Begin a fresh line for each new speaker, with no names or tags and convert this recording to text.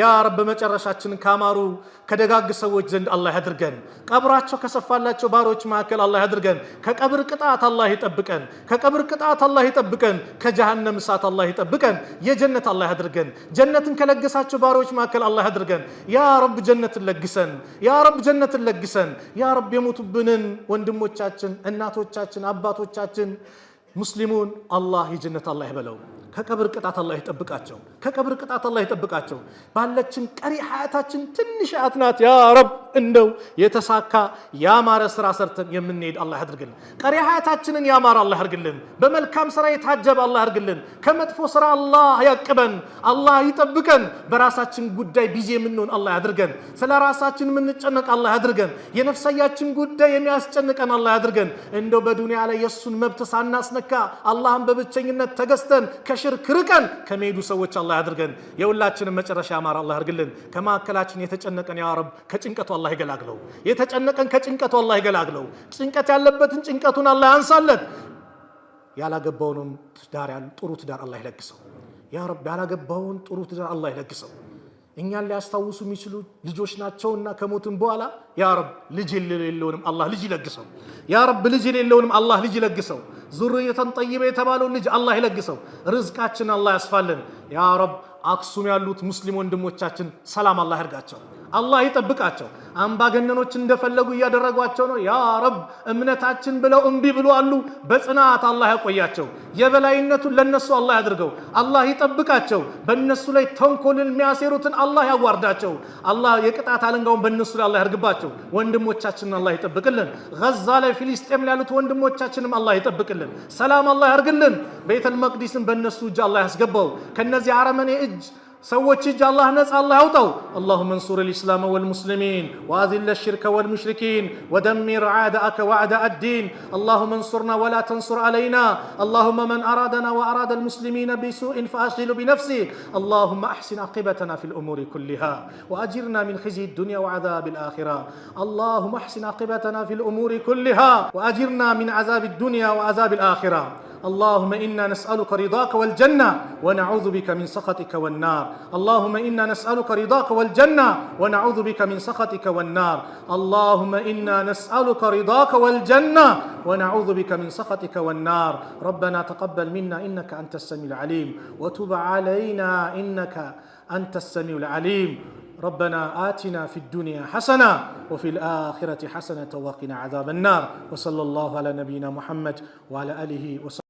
ያ ረብ መጨረሻችንን ካማሩ ከደጋግ ሰዎች ዘንድ አላህ ያድርገን። ቀብራቸው ከሰፋላቸው ባሮች መካከል አላህ ያድርገን። ከቀብር ቅጣት አላህ ይጠብቀን። ከቀብር ቅጣት አላህ ይጠብቀን። ከጀሃነም እሳት አላህ ይጠብቀን። የጀነት አላህ ያድርገን። ጀነትን ከለገሳቸው ባሮች መካከል አላህ ያድርገን። ያ ረብ ጀነትን ለግሰን፣ ያ ረብ ጀነትን ለግሰን። ያ ረብ የሞቱብንን ወንድሞቻችን፣ እናቶቻችን፣ አባቶቻችን ሙስሊሙን አላህ የጀነት አላህ ይበለው። ከቀብር ቅጣት አላህ ይጠብቃቸው። ከቀብር ቅጣት አላህ ይጠብቃቸው። ባለችን ቀሪ ሀያታችን ትንሽ ሀያት ናት። ያ ረብ እንደው የተሳካ ያማረ ስራ ሰርተን የምንሄድ አላህ ያድርግልን። ቀሪ ሀያታችንን ያማረ አላህ ያድርግልን። በመልካም ስራ የታጀበ አላህ ያድርግልን። ከመጥፎ ስራ አላህ ያቅበን፣ አላህ ይጠብቀን። በራሳችን ጉዳይ ቢዚ የምንሆን አላህ ያድርገን። ስለ ራሳችን የምንጨነቅ አላህ ያድርገን። የነፍሳያችን ጉዳይ የሚያስጨንቀን አላህ ያድርገን። እንደው በዱንያ ላይ የእሱን መብት ሳናስነካ አላህን በብቸኝነት ተገዝተን ከሽርክ ርቀን ከሚሄዱ ሰዎች አላህ አድርገን። የሁላችንም መጨረሻ ያማረ አላህ አድርግልን። ከመካከላችን የተጨነቀን ያ ረብ ከጭንቀቱ አላህ ይገላግለው። የተጨነቀን ከጭንቀቱ አላህ ይገላግለው። ጭንቀት ያለበትን ጭንቀቱን አላህ ያንሳለት። ያላገባውንም ትዳር ጥሩ ትዳር አላህ ይለግሰው። ያ ረብ ያላገባውን ጥሩ ትዳር አላህ ይለግሰው። እኛን ሊያስታውሱ የሚችሉ ልጆች ናቸውና ከሞትም በኋላ ያ ረብ ልጅ የሌለውንም አላህ ልጅ ይለግሰው። ያ ረብ ልጅ የሌለውንም አላህ ልጅ ይለግሰው። ዙርየተን ጠይበ የተባለውን ልጅ አላህ ይለግሰው። ርዝቃችን አላህ ያስፋልን። ያ ረብ አክሱም ያሉት ሙስሊም ወንድሞቻችን ሰላም አላህ ያርጋቸው። አላህ ይጠብቃቸው። አምባገነኖች እንደፈለጉ እያደረጓቸው ነው። ያ ረብ እምነታችን ብለው እምቢ ብሎ አሉ። በጽናት አላህ ያቆያቸው። የበላይነቱን ለነሱ አላህ ያድርገው። አላህ ይጠብቃቸው። በነሱ ላይ ተንኮልን የሚያሴሩትን አላህ ያዋርዳቸው። አላህ የቅጣት አለንጋውን በእነሱ ላይ አላህ ያድርግባቸው። ወንድሞቻችንን አላህ ይጠብቅልን። ገዛ ላይ ፊሊስጤም ላሉት ወንድሞቻችንም አላህ ይጠብቅልን። ሰላም አላህ ያርግልን። ቤተል መቅዲስን በእነሱ እጅ አላህ ያስገባው ከነዚህ አረመኔ እጅ سوت شجع الله نس الله أوطوا اللهم انصر الإسلام والمسلمين وأذل الشرك والمشركين ودمر عادك وعد الدين اللهم انصرنا ولا تنصر علينا اللهم من أرادنا وأراد المسلمين بسوء فأشغل بنفسه اللهم أحسن عاقبتنا في الأمور كلها وأجرنا من خزي الدنيا وعذاب الآخرة اللهم أحسن عاقبتنا في الأمور كلها وأجرنا من عذاب الدنيا وعذاب الآخرة اللهم إنا نسألك رضاك والجنة ونعوذ بك من سخطك والنار اللهم إنا نسألك رضاك والجنة ونعوذ بك من سخطك والنار اللهم إنا نسألك رضاك والجنة ونعوذ بك من سخطك والنار ربنا تقبل منا إنك أنت السميع العليم وتب علينا إنك أنت السميع العليم ربنا آتنا في الدنيا حسنة وفي الآخرة حسنة وقنا عذاب النار وصلى الله على نبينا محمد وعلى آله وصحبه